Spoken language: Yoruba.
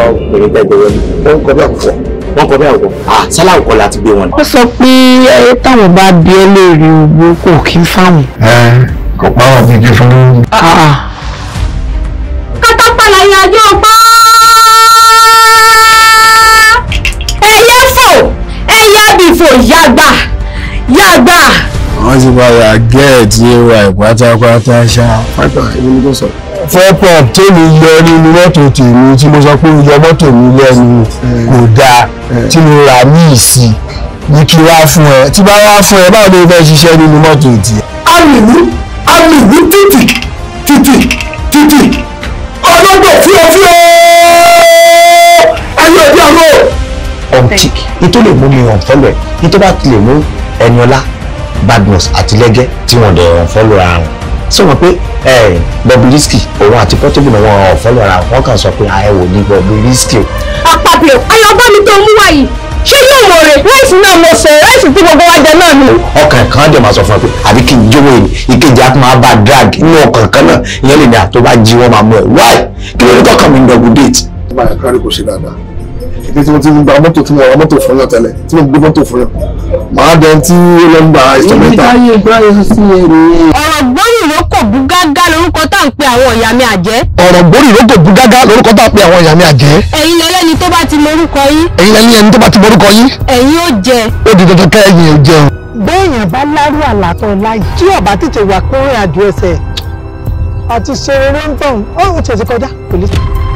ọkùnrin gbẹgbẹrẹ wọn kọ bí àkùfọ wọn kọ bí àkùfọ sálà òkọ láti gbé wọn. ó sọ pé táwọn bá bí ẹ léèrè owó kò kí ń fáwọn. ẹ kò pa àwọn bíi jẹ fún mi. kátápá la yẹ ajé ọgbọ́n. ẹyẹ fò ẹyẹ bìfò yàgbà yàgbà. wọ́n ti padà gẹ́ẹ̀tì ẹwà ìpátápátá ṣáá pátá ìbí ni kò sọ̀rọ̀ fẹ́pọ̀n tèmi yọ nínú mọ́tò tèmi tí mo sọ pé mo yọ mọ́tò mi lẹ́nu kò dáa tí mo rà ní ìsì ní kí wá fún ẹ tí bá wá fún ẹ báwo ló fẹ́ ṣiṣẹ́ nínú mọ́tò tì. alìwú alìwú títì títì títì ọlọ́gbọ̀n fúyọ́fúyọ́ ayé òbí àlọ́. optic ní tó lè mú mi hàn fọ́lọ̀ ẹ̀ ní bá lè mú Ẹniọlá Badmus àti tí wọ́n dẹ̀ hàn fọ́lọ̀ ara wọn sọ wọn pé Bobrisky òun àti Portable náà wọn ọ̀fọ́ lọ́ra wọn kàn sọ pé àẹ̀wò ni Bobrisky o. àpapọ̀ ayọ̀bá mi tó mú wáyé ṣé yóò mọ̀ rẹ̀ láìsí náà mo sọ láìsí tí gbogbo wa jẹ náà ni. ọkàn kan dẹ̀ máa sọ fún ẹ pé àbí kí n jówó ẹni ìkejì á máa bá drag inú ọkàn kan náà ìyẹn lè ní àtó bá jí wọn máa mú ẹ wáì kí ló ní tọkàn mi ń dọ̀gbù déètì. ó máa yà kárí kò ṣe dáadáa ìdí tí mo ti ń gba mọ́tò tí mo ra mọ́tò fún yàn tẹ́lẹ̀ tí mo gbé mọ́tò fún yàn máa dẹ̀ tí ó lọ ń gba instrumental àwọn ìyá mi àjẹ́. ọ̀rọ̀ gbórí ìrókò bu gágá lórúkọ tá a pe àwọn ìyá mi àjẹ́. ẹ̀yin lẹ́lẹ́ni tó bá ti morúkọ yín. ẹ̀yin lẹ́lẹ́ni tó bá ti morúkọ yín. ẹ̀yin ó jẹ. ó di dandan kẹ́yìn ò jẹun. béèyàn bá lárú àlàtọ̀ láyé tí ọ̀bá tètè wà kórè àjò ẹsẹ̀ àti ṣeré ló ń tàn ó ti kọjá kò lè sọ.